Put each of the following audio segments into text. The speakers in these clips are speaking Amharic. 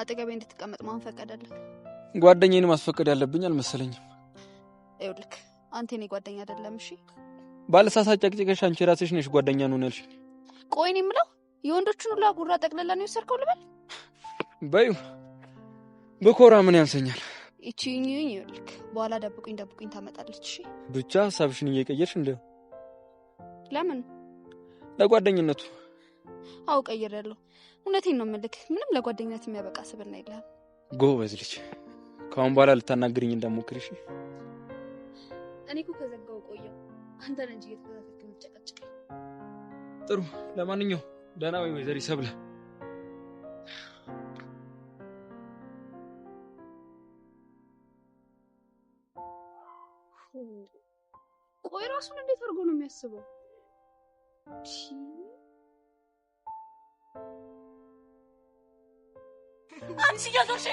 አጠገቤ እንድትቀመጥ ማን ፈቀደልህ? ጓደኛዬን ማስፈቀድ ያለብኝ አልመሰለኝም። ይኸውልህ አንተ የኔ ጓደኛ አይደለም። እሺ ባለሳሳ ጨቅጭቀሽ አንቺ ራስሽ ነሽ ጓደኛ ነው ያልሽ። ቆይ እኔ የምለው የወንዶቹን ሁላ ጉራ ጠቅልላ ነው የወሰድከው ልበል? በይ ብኮራ ምን ያንሰኛል? ይችኝኝ ይልክ በኋላ ደብቁኝ ደብቁኝ ታመጣለች። እሺ ብቻ ሀሳብሽን እየቀየርሽ እንደ ለምን ለጓደኝነቱ አው ቀይሬያለሁ። እውነቴን ነው የምልክ ምንም ለጓደኝነት የሚያበቃ ስብና የለህም። ጎበዝ ልጅ ከአሁን በኋላ ልታናግርኝ እንዳትሞክሪ እሺ። እኔ እኮ ከዘጋው ቆየሁ። አንተ ነህ እንጂ እየተከታተልክ የምትጨቀጭቀኝ። ጥሩ ለማንኛውም ደህና ወይ ወይዘሪ ሰብለ ራሱን እንዴት አድርጎ ነው የሚያስበው? አንቺ ነው። አንቺ ብቻ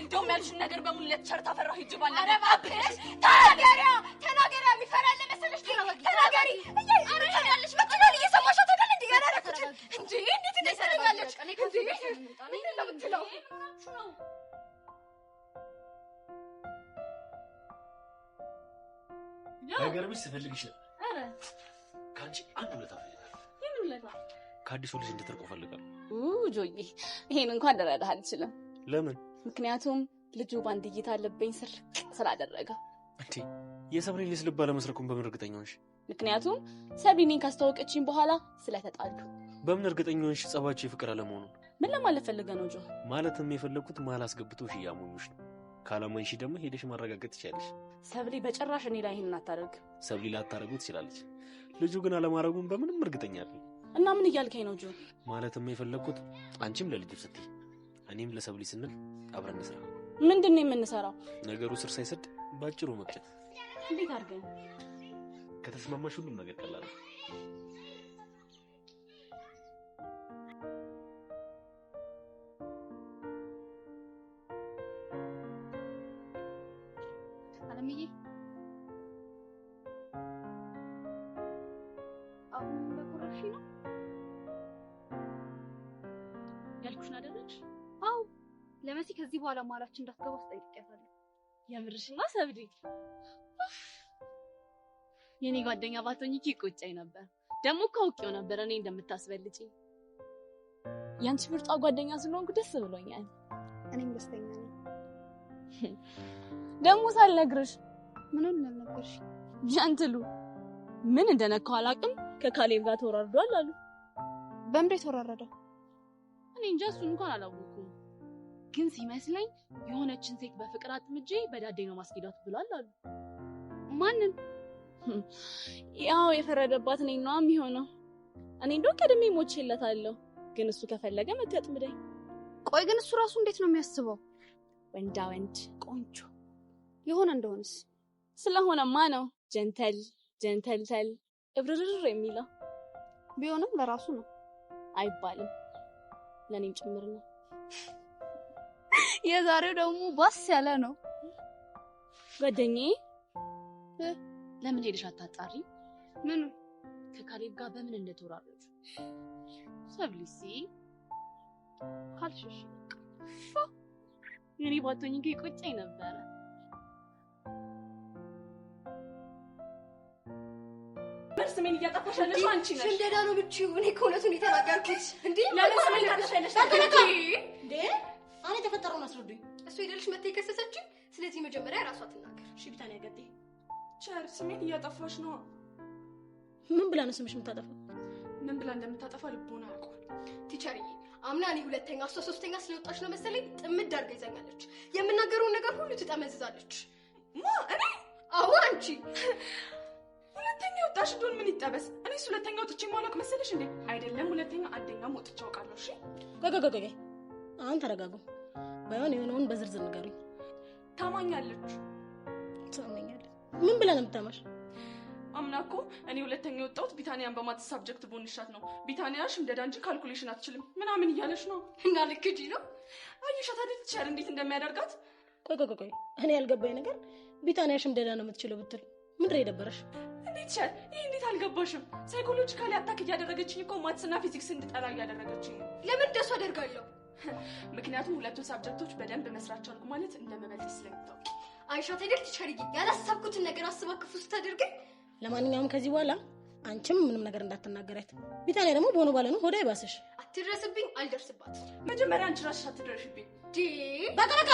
እንደውም ያልሽን ነገር በሙሉ ለተቸር ታፈራ ሂጅ ባለ እባክሽ ተናገሪያ ተናገሪያ የሚፈራለ መሰለሽ ተናገሪ እያለሽ ምትለን እየሰማሽ ተገል እንዲ ያላረኩትን እንጂ እንዴት እንዴት እንዲ ምንድን ነው ምትለው ነገር ስፈልግሽ ከአንቺ አንድ ሁለታ ፈልጋል ይህ ሁለታ ከአዲሱ ልጅ እንድትርቁ ፈልጋል። ጆዬ ይሄን እንኳ ልረዳህ አልችልም። ለምን? ምክንያቱም ልጁ በአንድ እይታ ልበኝ ስር ስላደረገ። እንዴ የሰብሪ ልጅ ልባ ለመስረኩን በምን እርግጠኛ ነሽ? ምክንያቱም ሰብሪኒን ካስተዋወቀችኝ በኋላ ስለተጣሉ። በምን እርግጠኛ ነሽ ጸባቸው የፍቅር አለመሆኑን? ምን ለማለት ፈልገህ ነው ጆ? ማለትም የፈለግኩት መሀል አስገብቶሽ እያሞኙሽ ነው ካላማንሺ ደግሞ ሄደሽ ማረጋገጥ ትችያለሽ። ሰብሊ በጭራሽ እኔ ላይ ይህን አታደርግ። ሰብሊ ላታደርጉ ትችላለች። ልጁ ግን አለማድረጉን በምንም እርግጠኛ አይደለም። እና ምን እያልከኝ ነው ጆ? ማለትም የፈለግኩት አንቺም ለልጁ ስትይ እኔም ለሰብሊ ስንል አብረን እንስራ። ምንድን ነው የምንሰራው? ነገሩ ስር ሳይሰድ ባጭሩ መቅጨት። እንዴት አድርገን ከተስማማሽ ሁሉም ነገር ቀላል ከዚህ በኋላ መሀላችን እንዳትገባ አስጠንቅቄያታለሁ። የምርሽና ሰብዲ የኔ ጓደኛ ባትሆኚ ይቆጨኝ ነበር። ደግሞ እኮ አውቄው ነበር እኔ እንደምታስበልጪ። ያንቺ ምርጧ ጓደኛ ስለሆንኩ ደስ ብሎኛል። እኔም ደስተኛ ነኝ። ደግሞ ሳልነግርሽ ምንም ነገርሽ ጀንትሉ ምን እንደነካው አላውቅም። ከካሌብ ጋር ተወራርዷል አሉ። በምንድን ተወራረደ? እኔ እንጃ፣ እሱን እንኳን አላውቅም። ግን ሲመስለኝ የሆነችን ሴት በፍቅር አጥምጄ በዳዴ ነው ማስጌዳት ብሏል አሉ። ማንን? ያው የፈረደባት እኔ ነዋ የሚሆነው። እኔ እንደው ቀድሜ ሞቼለታለሁ። ግን እሱ ከፈለገ መቶ ያጥምደኝ። ቆይ ግን እሱ ራሱ እንዴት ነው የሚያስበው? ወንዳ ወንድ ቆንጆ የሆነ እንደሆንስ? ስለሆነማ ነው ጀንተል ጀንተልተል እብርርር የሚለው ቢሆንም ለራሱ ነው አይባልም፣ ለእኔም ጭምር ነው። የዛሬው ደግሞ ባስ ያለ ነው። ጓደኛዬ ለምን ሄደሽ አታጣሪ? ምን ከካሌብ ጋር በምን እንደተወራረች ሰብሊሲ ካልሽሽ እኔ ባቶኝ ግን ይቆጨኝ ነበረ። ስሜን እያጠፋሻለሽ አንቺ ነሽ። ሽንደዳ ነው ብቻ እኔ ከእውነቱ ነው የተናገርኩት እንዴ? ለምን ስሜን ታጠሻለሽ? አሁን የተፈጠረውን አስረዱኝ። እሱ ይደልሽ መታ የከሰሰችኝ። ስለዚህ መጀመሪያ ራሷ ትናገር። እሺ ቢታንያ ገጤ ቸር ስሜት እያጠፋሽ ነው። ምን ብላ ነው ስምሽ የምታጠፋው? ምን ብላ እንደምታጠፋ ልቦና ያውቀዋል። ቲቸርዬ አምና እኔ ሁለተኛ እሷ ሶስተኛ ስለወጣች ነው መሰለኝ ጥምድ አድርጋ ይዘኛለች። የምናገረውን ነገር ሁሉ ትጠመዝዛለች። ማ እኔ? አዎ አንቺ ሁለተኛ ወጣሽ እንደሆን ምን ይጠበስ? እኔስ ሁለተኛ ወጥቼ ማለቅ መሰለሽ እንዴ? አይደለም ሁለተኛ አንደኛም ወጥቼ አውቃለሁ። እሺ ገገገገ አሁን ተረጋጉ። ባይሆን የሆነውን በዝርዝር ንገሩኝ። ታማኛለች። ታማኛለች? ምን ብላ ነው የምታማሽ? አምና እኮ እኔ ሁለተኛ የወጣሁት ቢታንያን በማት ሳብጀክት ቦንሻት ነው። ቢታንያ ሽምደዳ እንጂ ካልኩሌሽን አትችልም ምናምን እያለች ነው። እና ልክ ነው አየሻት አይደል? ቲቸር እንዴት እንደሚያደርጋት። ቆይ ቆይ ቆይ፣ እኔ ያልገባኝ ነገር ቢታንያ ሽምደዳ ነው የምትችለው ብትል ምድር የደበረሽ እንዴት ቸር፣ ይህ እንዴት አልገባሽም? ሳይኮሎጂካሊ አታክ እያደረገችኝ እኮ ማትስና ፊዚክስ እንድጠላ እያደረገችኝ። ለምን እንደሱ አደርጋለሁ ምክንያቱም ሁለቱ ሳብጀክቶች በደንብ መስራት ቻልኩ ማለት እንደምበልጥ ስለሚታወቅ። አይሻ ተደግ ትቸርጊ ያላሰብኩትን ነገር አስባ ክፉ ስታደርገኝ። ለማንኛውም ከዚህ በኋላ አንቺም ምንም ነገር እንዳትናገረት። ቢታንያ ደግሞ በሆነ ባለ ነው ሆዳ ይባስሽ። አትድረስብኝ፣ አልደርስባት። መጀመሪያ አንቺ ራስሽ አትድረሽብኝ። በቃ በቃ፣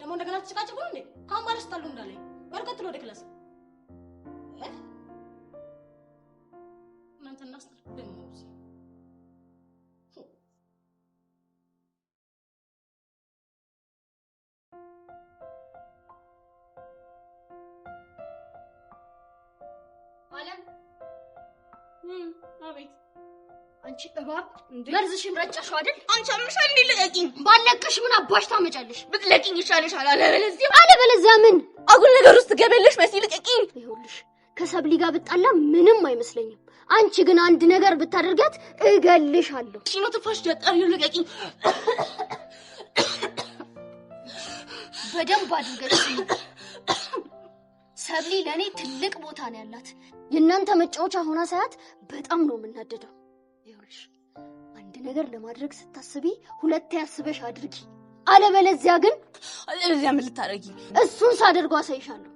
ደግሞ እንደገና ትጭቃጭቁ እንዴ? ካሁን ማለት ስታሉ እንዳለኝ በርቀት ወደ ክላስ እናንተና ስ አቤት አንቺ እባብ መርዝሽን አይደል? አንቺ እንዴ! ልቀቂኝ። ምን አባሽ ታመጫለሽ? ብትለቂኝ አለበለዚያ አለበለዚያ ምን አጉል ነገር ውስጥ ገበለሽ መሲ፣ ልቀቂኝ። ይኸውልሽ ከሰብሊ ጋር ብጣላ ምንም አይመስለኝም። አንቺ ግን አንድ ነገር ብታደርጋት እገልሻለሁ። እሺ ነው ትፋሽ ደጣሪ፣ ልቀቂኝ። በደንብ አድርገሽ ሰብሊ ለእኔ ትልቅ ቦታ ነው ያላት። የእናንተ መጫወቻ ሆና ሳያት በጣም ነው የምናደደው። ይኸውልሽ አንድ ነገር ለማድረግ ስታስቢ ሁለት ያስበሽ አድርጊ። አለበለዚያ ግን አለበለዚያ ምን ልታደረጊ እሱን ሳደርገው አሳይሻለሁ።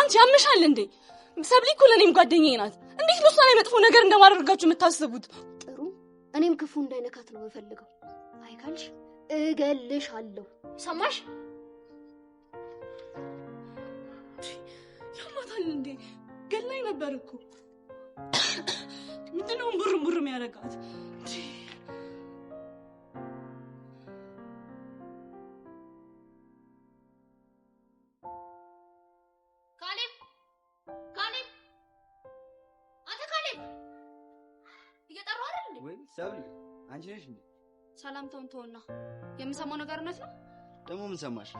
አንቺ ያምሻል እንዴ? ሰብሊ እኮ ለእኔም ጓደኛ ናት። እንዴት ነው እሷ ላይ መጥፎ ነገር እንደማደርጋችሁ የምታስቡት? ጥሩ፣ እኔም ክፉ እንዳይነካት ነው የምፈልገው። አይካልሽ አለሁ ሰማሽ? ሰማን እንዴ? ገላኝ ነበር እኮ። ምንድነው ቡርም ቡርም ያደርጋት? ካሌብ ካሌብ፣ አንተ ካሌብ፣ እየጠራሁ አይደል እንዴ? ወይ ሰብል፣ አንቺ ነሽ እንዴ? ሰላምታውን ተውና፣ የምሰማው ነገር እውነት ነው? ደግሞ ምን ሰማሽ?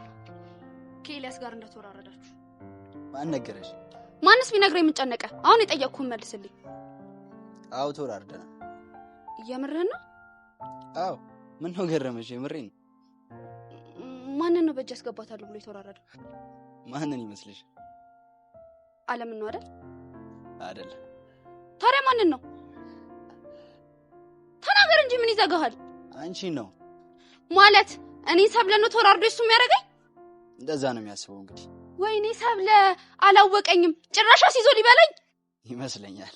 ከኤልያስ ጋር እንደተወራረዳችሁ ማን ነገረሽ? ማንስ ቢነግረኝ የምጨነቀ? አሁን የጠየቅኩህን መልስልኝ። አዎ ተወራርደናል። እየምርህን ነው? አዎ። ምን ነው ገረመሽ? የምሬን ነው። ማንን ነው በእጅ ያስገባታሉ ብሎ የተወራረደው? ማንን ይመስልሽ? አለም ነው አይደል? አይደል። ታዲያ ማንን ነው? ተናገር እንጂ ምን ይዘጋሃል? አንቺ ነው ማለት እኔ ሰብለ ነው ተወራርዶ እሱ የሚያደርገኝ? እንደዛ ነው የሚያስበው እንግዲህ ወይኔ ሰብለ፣ አላወቀኝም። ጭራሻ ሲዞ ሊበለኝ ይመስለኛል።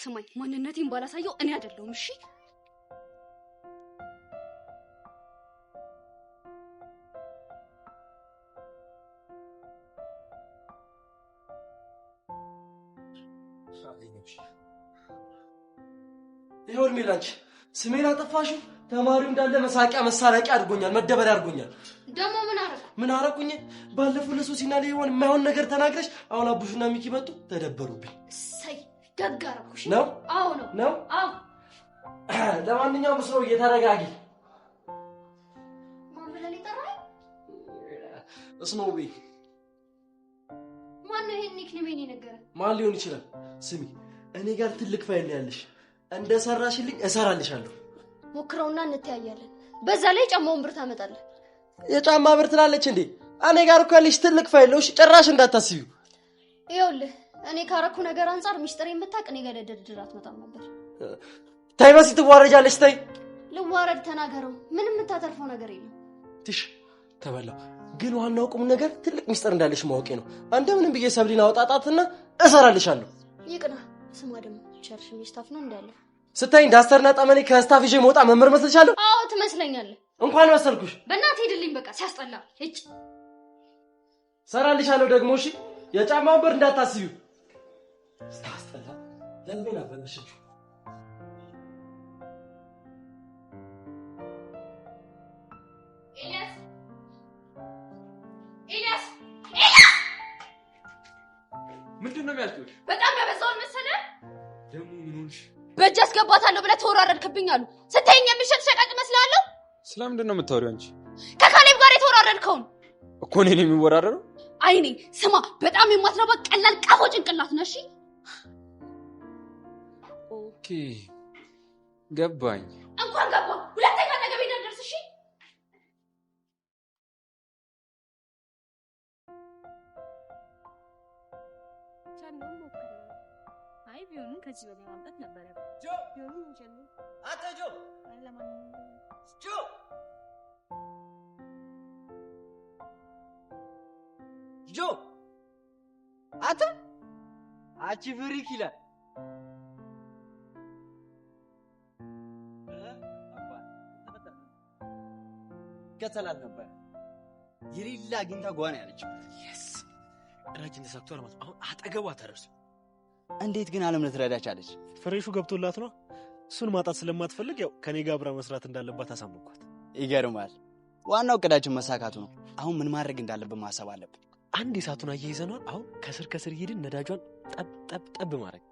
ስማኝ፣ ማንነቴን ባላሳየው እኔ አይደለሁም። እሺ ይኸውልህ ስሜን አጠፋሽው። ተማሪው እንዳለ መሳቂያ መሳለቂያ አድርጎኛል፣ መደበሪያ አድርጎኛል። ደግሞ ምን አረኩ? ምን አረኩኝ? ባለፈው ለሶሲና ለይሆን የማይሆን ነገር ተናግረሽ፣ አሁን አቡሽና ሚኪ መጡ ተደበሩብኝ። እሰይ ደግ አረኩሽ። ነው? አዎ ነው። ነው? አዎ። ለማንኛውም ስለው እየተረጋጊ ማን ብለህ ሊጠራኝ? እስኖቤ ማነው ይሄን ኒክኔሜን የነገረህ? ማን ሊሆን ይችላል? ስሚ እኔ ጋር ትልቅ ፋይል ያለሽ፣ እንደ ሰራሽልኝ እሰራልሻለሁ። ሞክረውና እንተያያለን። በዛ ላይ ጫማውን ብር ታመጣለህ። የጫማ ብር ትላለች እንዴ? እኔ ጋር እኮ ያለሽ ትልቅ ፋይል ነው። እሺ ጭራሽ እንዳታስቢው። ይኸውልህ እኔ ካረኩ ነገር አንጻር ሚስጥር የምታውቅ እኔ ጋር ደርድር አትመጣም ነበር። ታይ በሲ ትዋረጃለች። ታይ ልዋረድ ተናገረው። ምንም የምታተርፈው ነገር የለም። ትሽ ተበላው። ግን ዋናው ቁም ነገር ትልቅ ሚስጥር እንዳለሽ ማወቄ ነው። እንደምንም ብዬ ሰብሊን አውጣጣትና እሰራልሻለሁ። ይቅና። ስማ ደግሞ ቸርሽ ሚስታፍ ነው እንዳለ ስታይ እንዳስተርና ጠመኔ ከስታፍ ይዤ መውጣ መምህር መስልሻለሁ? አዎ ትመስለኛለህ። እንኳን መሰልኩሽ። በእናትህ ሄድልኝ፣ በቃ ሲያስጠላ። እጭ ሰራልሻለሁ ደግሞ። እሺ የጫማውን ብር እንዳታስቢው። ስታስጠላ ለምን አበለሽችሁ? ነው በእጅ አስገባታለሁ ብለህ ተወራረድክብኝ አሉ። ስትይኝ የሚሸጥ ሸቃጭ እመስልሃለሁ? ስለምንድን ነው የምታወሪው አንቺ? ከካሌብ ጋር የተወራረድከውን እኮ እኔ ነው የሚወራረረው። አይኔ ስማ፣ በጣም የማትረባ ቀላል ቀፎ ጭንቅላት እሺ ኦኬ ገባኝ። እንኳን ገባ ከዚህ በላይ ማምጣት ነበረ። ጆ አንተ ጆ ጆ ጆ አንተ አቺ ፍሪክ ይላል። ከተላት ነበር የሌላ አግኝታ ጓና ያለችው ረጅም ተሳክቷል ማለት አሁን አጠገቧ ተደርሷል። እንዴት ግን አለም ልትረዳች አለች? ፍሬሹ ገብቶላት ነው። እሱን ማጣት ስለማትፈልግ ያው ከኔ ጋር አብራ መስራት እንዳለባት አሳመንኳት። ይገርማል። ዋናው እቅዳችን መሳካቱ ነው። አሁን ምን ማድረግ እንዳለብን ማሰብ አለብን። አንድ የሳቱን አያይዘኗል። አሁን ከስር ከስር እየሄድን ነዳጇን ጠብ ጠብ ጠብ ማድረግ።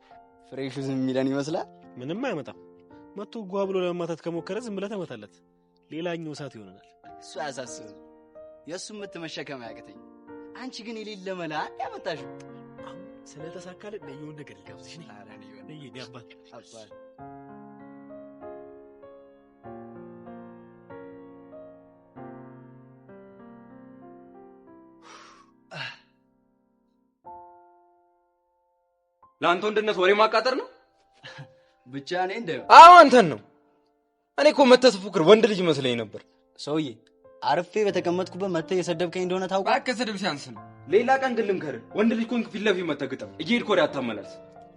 ፍሬሹ ዝም የሚለን ይመስላል። ምንም አይመጣም። መቶ ጓ ብሎ ለመማታት ከሞከረ ዝም ብለህ ተመታለት። ሌላኛው እሳት ይሆነናል። እሱ አያሳስብም። የእሱ የምትመሸከም አያቅተኝ። አንቺ ግን የሌለ መላ ያመጣሽው ስለተሳካልን ነየውን ነገር ልጋብዝሽ ነኝ። ለአንተ ወንድነት ወሬ ማቃጠር ነው ብቻ። እኔ እንደ አዎ አንተን ነው። እኔ እኮ መተህ ስትፎክር ወንድ ልጅ መስለኝ ነበር ሰውዬ አርፌ በተቀመጥኩበት መተህ የሰደብከኝ እንደሆነ ታውቀው። እባክህ ስድብ ሲያንስ ነው። ሌላ ቀን ግን ልምከርህ፣ ወንድ ልጅ ኮንክ ፊት ለፊት መተግጠም እየሄድክ ወዲያ አታመላልስ።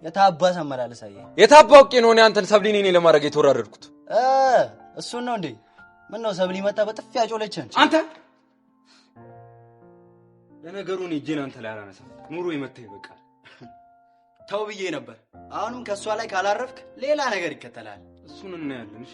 የታባስ አመላለስ አየህ፣ የታባ አውቄ ነው እኔ አንተን ሰብሊን እኔ ለማድረግ የተወራረድኩት። እሱን ነው እንዴ? ምን ነው ሰብሊ መጣ በጥፊ ያጮለችን አንተ። ለነገሩ እኔ እጄን አንተ ላይ አላነሳም። ኑሮ የመታ ይበቃል። ተው ብዬ ነበር። አሁንም ከእሷ ላይ ካላረፍክ ሌላ ነገር ይከተላል። እሱን እናያለን። እሺ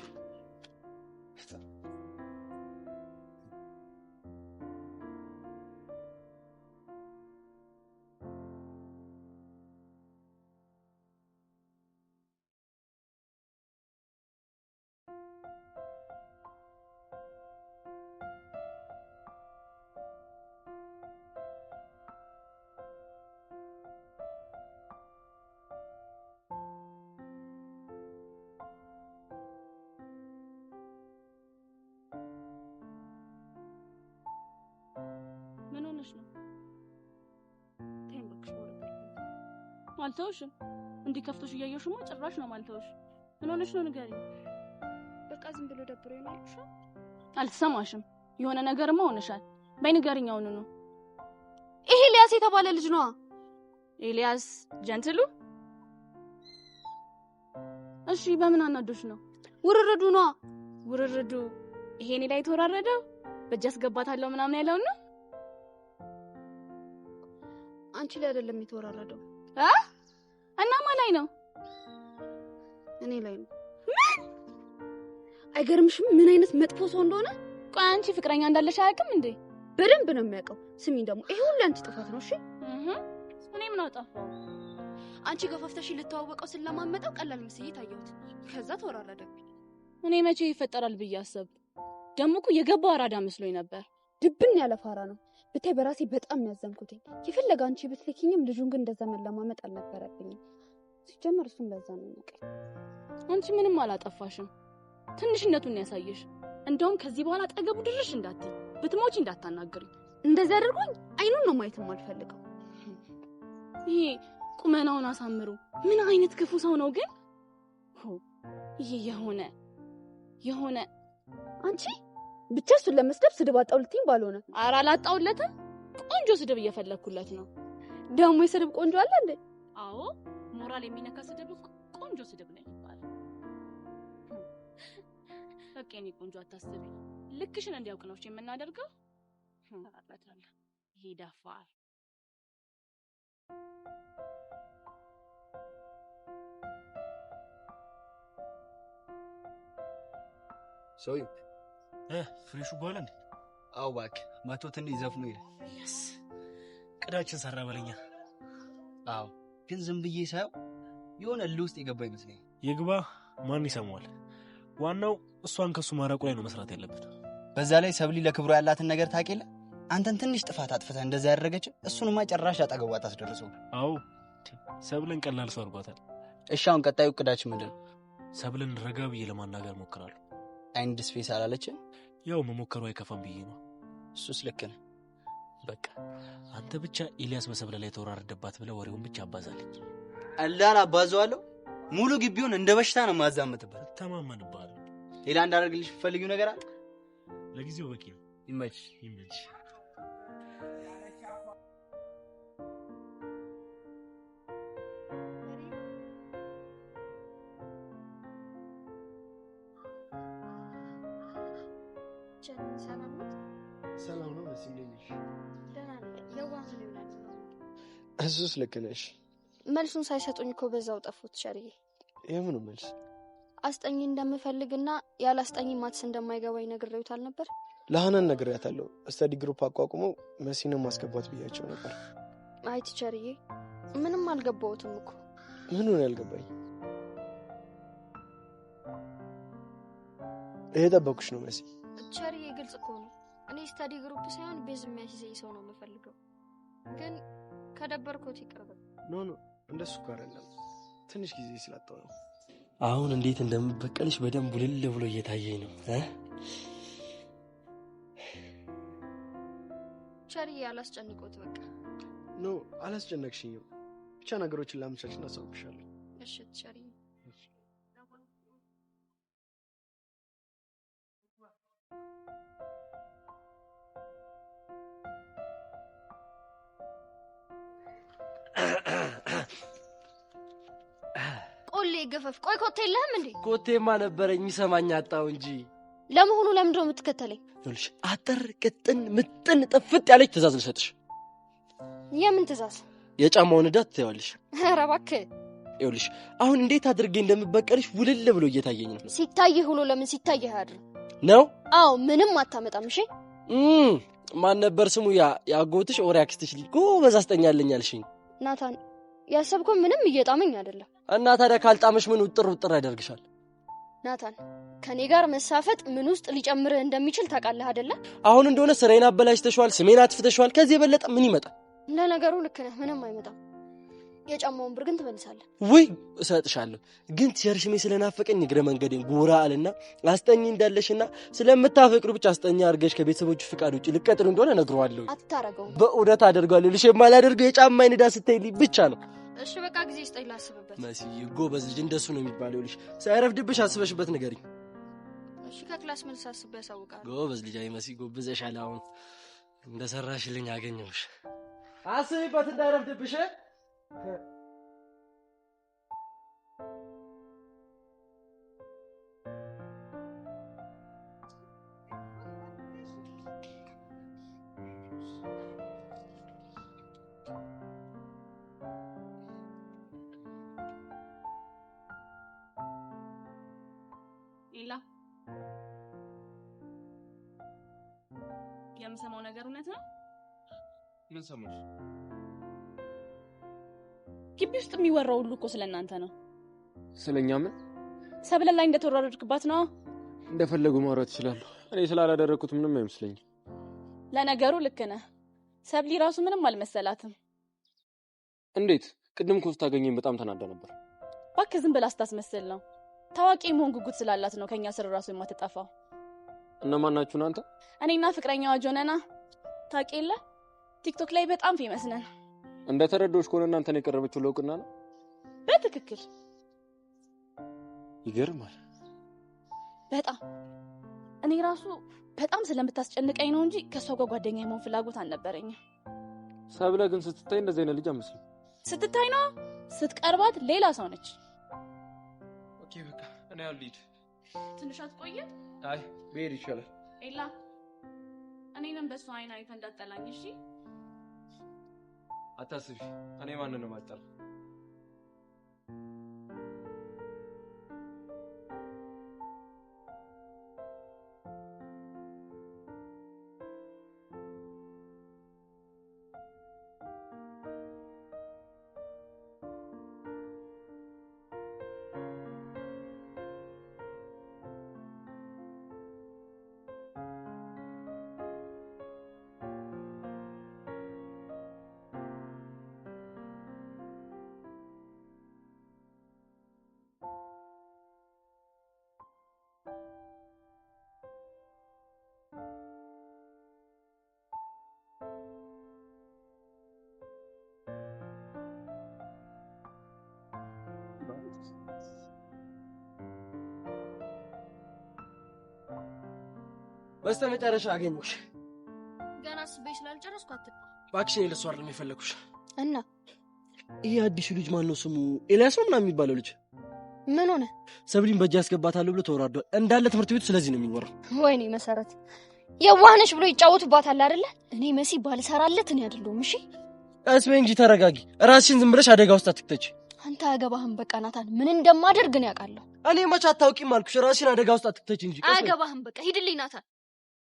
አልተውሽም። እንዲህ ከፍቶሽ እያየሽማ ጭራሽ ነው ማልተውሽ። ምን ሆነሽ ነው ንገሪኝ። በቃ ዝም ብሎ ደብሮ ይናልሽ። አልሰማሽም። የሆነ ነገርማ ሆነሻል። በይ ንገሪኝ ነው ይሄ ኤልያስ የተባለ ልጅ ነዋ። ኤልያስ ጀንትሉ። እሺ፣ በምን አናዶሽ ነው? ውርርዱ ነዋ። ውርርዱ ይሄ እኔ ላይ የተወራረደው በእጅ አስገባታለሁ ምናምን ያለው ነው። አንቺ ላይ አይደለም የተወራረደው። ላይ ነው እኔ ላይ ነው። አይገርምሽም? ምን አይነት መጥፎ ሰው እንደሆነ። ቆይ አንቺ ፍቅረኛ እንዳለሽ አያውቅም እንዴ? በደንብ ነው የሚያውቀው። ስሚኝ ደግሞ ይሄ ሁሉ አንቺ ጥፋት ነው። እሺ እኔ ምን አጠፋው? አንቺ ገፋፍተሽ ልተዋወቀው ስለማመጣው ቀላል መስዬ ታየሁት። ከዛ ተወራረደብኝ። እኔ መቼ ይፈጠራል ብዬ አሰብኩ። ደግሞ እኮ የገባው አራዳ መስሎኝ ነበር። ድብን ያለ ፋራ ነው። ብታይ በራሴ በጣም ያዘንኩትኝ። የፈለገ አንቺ ብትልኪኝም ልጁን ግን እንደዛ ለማመጥ አልነበረብኝም። ሲጀመር እሱን በዛ ነው የሚያውቀኝ። አንቺ ምንም አላጠፋሽም። ትንሽነቱን ያሳየሽ። እንደውም ከዚህ በኋላ አጠገቡ ድርሽ እንዳትይ፣ ብትሞቺ እንዳታናግሪኝ። እንደዚህ አድርጎኝ አይኑን ነው ማየት የማልፈልገው። ይሄ ቁመናውን አሳምሩ ምን አይነት ክፉ ሰው ነው ግን! ይሄ የሆነ የሆነ አንቺ ብቻ እሱን ለመስደብ ስድብ አጣውልትኝ ባልሆነ። አራ አላጣውለትም። ቆንጆ ስድብ እየፈለግኩለት ነው። ደግሞ የስድብ ቆንጆ አለ እንዴ? አዎ ሞራል የሚነካ ስድብ ቆንጆ ስድብ ነው ይባል። በቃ የኔ ቆንጆ አታስቢ፣ ልክሽን እንዲያውቅ ነው የምናደርገው። እሰራለታለሁ። ይሄ ደፋር ሰውዬ ፍሬሹ በኋላ እንዴ? አው እባክህ መቶት እንዲህ ዘፍኑ ይላል። ቅዳችን ሰራ በለኛ። አዎ ግን ዝም ብዬ ሳየው የሆነ እልህ ውስጥ የገባ ይመስለኝ። የግባ ማን ይሰማዋል? ዋናው እሷን ከእሱ ማራቁ ላይ ነው መስራት ያለበት። በዛ ላይ ሰብሊ ለክብሮ ያላትን ነገር ታቂለ አንተን ትንሽ ጥፋት አጥፍተህ እንደዛ ያደረገች እሱንማ ጨራሽ አጠገቧ ታስደርሰው። አዎ ሰብልን ቀላል ሰው አድርጓታል። እሺ አሁን ቀጣዩ እቅዳችን ምንድን ነው? ሰብልን ረጋ ብዬ ለማናገር ሞክራለሁ። አይንድ ስፔስ አላለች። ያው መሞከሩ አይከፋም ብዬ ነው። እሱስ ልክ ነህ። በቃ አንተ ብቻ ኤልያስ መሰብለ ላይ የተወራረደባት ብለ ወሬውን ብቻ አባዛለች። አላን አባዘዋለሁ። ሙሉ ግቢውን እንደ በሽታ ነው ማዛመትበት። ተማመንባል። ሌላ እንዳደርግልሽ ፈልጊው ነገር አለ? ለጊዜው በቂ ነው። ይመች ይመችሽ። ሰላም ነው። እሱስ ልክ ነሽ። መልሱን ሳይሰጡኝ እኮ በዛው ጠፉት። ሸርዬ የምኑ መልስ? አስጠኝ እንደምፈልግና ያለ አስጠኝ ማትስ እንደማይገባኝ ነግሬውታል ነበር። ለሀናን ነግሬያታለሁ። እስተዲ ግሩፕ አቋቁመው መሲንም ማስገባት ብያቸው ነበር። አይ ቲቸርዬ፣ ምንም አልገባውትም እኮ። ምኑን ያልገባኝ? እየጠበኩሽ ነው መሲ። ቲቸርዬ፣ ግልጽ እኮ ነው እኔ ስታዲ ግሩፕ ሳይሆን ቤዝ የሚያስይዘኝ ሰው ነው የምፈልገው። ግን ከደበርኮት ይቅርብ። ኖ ኖ፣ እንደሱ ጋር አይደለም። ትንሽ ጊዜ ስላጣው ነው። አሁን እንዴት እንደምበቀልሽ በደንብ ውልል ብሎ እየታየኝ ነው። ቸርዬ አላስጨንቆት። በቃ ኖ፣ አላስጨነቅሽኝም። ብቻ ነገሮችን ላመቻችን አሳውቅሻለሁ። እሺ ቸርዬ ሁሌ ይገፈፍ። ቆይ ኮቴ የለህም እንዴ? ኮቴማ ነበረኝ የሚሰማኝ አጣው እንጂ። ለመሆኑ ለምንድን ነው የምትከተለኝ? ይኸውልሽ አጠር ቅጥን ምጥን ጥፍጥ ያለች ትእዛዝ ልሰጥሽ። የምን ትእዛዝ? የጫማውን ዕዳ ትተዋለሽ። ኧረ እባክህ። ይኸውልሽ አሁን እንዴት አድርጌ እንደምበቀልሽ ውልል ብሎ እየታየኝ ነው። ሲታይህ ውሎ ለምን ሲታይህ አድር ነው? አዎ ምንም አታመጣም። እሺ ማን ነበር ስሙ ያ ያጎትሽ ኦሪያክስ ልጅ ጎበዝ አስጠኛለኝ ያልሽኝ ናታን? ያሰብኩ ምንም እየጣመኝ አይደለም እና ታዲያ ካልጣመሽ ምን ውጥር ውጥር ያደርግሻል? ናታን ከኔ ጋር መሳፈጥ ምን ውስጥ ሊጨምርህ እንደሚችል ታውቃለህ አደለ? አሁን እንደሆነ ስራዬን አበላሽተሽዋል፣ ስሜን አትፍተሸዋል። ከዚህ የበለጠ ምን ይመጣል? ለነገሩ ልክ ነህ፣ ምንም አይመጣም። የጫማውን ብር ግን ትመልሳለህ። ውይ እሰጥሻለሁ፣ ግን ቲሸርሽሜ ስለናፈቀኝ እግረ መንገዴን ጉራ አልና አስጠኝ እንዳለሽና ስለምታፈቅዱ ብቻ አስጠኝ አድርገሽ ከቤተሰቦቹ ፍቃድ ውጭ ልቀጥሉ እንደሆነ እነግረዋለሁ። አታረገው። በእውነት አደርገዋለሁ። ልሽ የማላደርገው የጫማ ይንዳ ስታይልኝ ብቻ ነው። እሺ በቃ ጊዜ ስጠኝ ላስብበት። መስዬ ጎበዝ ልጅ እንደሱ ነው የሚባለው። ልጅ ሳይረፍድብሽ አስበሽበት ንገሪኝ። እሺ ከክላስ መልስ አስቤ ያሳውቃል። ጎበዝ ልጅ አይ መሲ ጎብዘሻል። አሁን እንደሰራሽልኝ አገኘሁሽ። አስቢበት እንዳይረፍድብሽ። የምንሰማው ነገር እውነት ነው? ምን ሰማሽ? ግቢ ውስጥ የሚወራው ሁሉ እኮ ስለ እናንተ ነው። ስለ ምን? ሰብለ ላይ እንደተወራረድክባት ነው። እንደፈለጉ ማውራት ይችላሉ። እኔ ስላላደረግኩት ምንም አይመስለኝም። ለነገሩ ልክ ነህ። ሰብሊ ራሱ ምንም አልመሰላትም። እንዴት? ቅድም እኮ ስታገኘኝ በጣም ተናዳ ነበር። እባክህ ዝም ብላ ስታስመስል ነው። ታዋቂ መሆን ጉጉት ስላላት ነው ከእኛ ስር ራሱ የማትጠፋው። እነማን ናችሁ እናንተ? እኔና ፍቅረኛዋ ጆነና። ታውቂ የለ ቲክቶክ ላይ በጣም ፌመስ ነን። እንደ ተረዶች ከሆነ እናንተን የቀረበችው ለውቅና ነው። በትክክል ይገርማል። በጣም እኔ ራሱ በጣም ስለምታስጨንቀኝ ነው እንጂ ከእሷ ጋር ጓደኛ የመሆን ፍላጎት አልነበረኝም። ሰብለ ግን ስትታይ እንደዚህ አይነት ልጅ አመስል ስትታይ ነው ስትቀርባት ሌላ ሰው ነች። ኦኬ በቃ እኔ ያሉ ሂድ ትንሽ አትቆይም? አይ ብሄድ ይሻላል። ኤላ እኔንም በሱ አይን አይተህ እንዳጠላኝ እሺ? አታስቢ፣ እኔ ማንንም አልጠላም። በስተ መጨረሻ አገኘሽ። ገና አስቤ ስላልጨረስኩ አትጣ እባክሽን። የለሱ አይደለም የፈለኩሽ እና ይህ አዲሱ ልጅ ማን ነው ስሙ? ኤልያስ ነው ምናምን የሚባለው ልጅ ምን ሆነ? ሰብሪን በእጅ ያስገባታለሁ ብሎ ተወራዷል እንዳለ ትምህርት ቤቱ ስለዚህ ነው የሚወራው። ወይኔ መሰረት የዋህነሽ ብሎ ይጫወቱባታል አይደለ? እኔ መሲ ባልሰራለት እኔ አይደለሁም። እሺ ቀስ እንጂ ተረጋጊ። ራስሽን ዝም ብለሽ አደጋ ውስጥ አትክተች። አንተ አያገባህም። በቃ ናታን ምን እንደማደርግ ነው ያውቃለሁ። እኔ መች አታውቂም አልኩሽ። ራስሽን አደጋ ውስጥ አትክተች እንጂ አያገባህም። በቃ ሂድልኝ ናታን።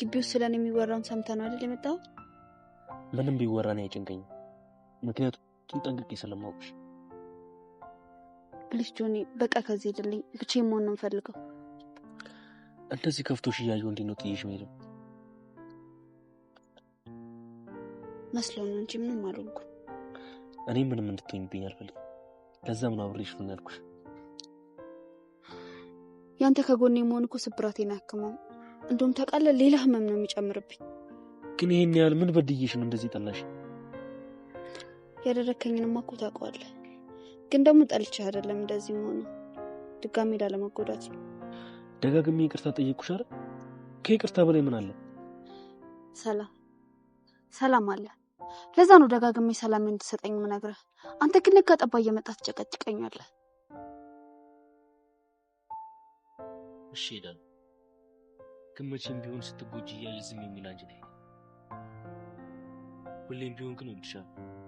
ግቢ ውስጥ ስለን የሚወራውን ሰምተ ነው አይደል የመጣው? ምንም ቢወራን አይጭንቀኝ፣ አይጨንቀኝም፣ ምክንያቱም ጠንቅቄ ስለማውቅሽ። ፕሊስ ጆኒ፣ በቃ ከዚህ ሄድልኝ። ብቻዬን መሆን ነው የምፈልገው። እንደዚህ ከፍቶሽ እያየሁ እንዴት ነው ጥዬሽ መሄድ? መስሎን ነው እንጂ ምንም አልሆንኩም። እኔ ምንም እንድትሆኝብኝ አልፈልግም። ለዛም ነው አብሬሽ ምን ያልኩሽ። ያንተ ከጎኔ መሆን እኮ ስብራቴን አያክመውም። እንደውም ታውቃለህ፣ ሌላ ህመም ነው የሚጨምርብኝ። ግን ይሄን ያህል ምን በድዬሽ ነው እንደዚህ ጠላሽ? ያደረከኝንማ እኮ ታውቀዋለህ። ግን ደግሞ ጠልቼ አይደለም እንደዚህ መሆኑ፣ ድጋሜ ላለመጎዳት ነው። ደጋግሜ ይቅርታ ጠየቅኩሽ አይደል? ከይቅርታ በላይ ምን አለ? ሰላም ሰላም አለ። ለዛ ነው ደጋግሜ ሰላም እንድሰጠኝ ምነግርህ። አንተ ግን ልክ አጠባ እየመጣ ትጨቀጭቀኛለህ። እሺ ግን መቼም ቢሆን ስትጎጂ እያየ ዝም የሚል አንቺ ነይ። ሁሌም ቢሆን ግን እወድሻለሁ።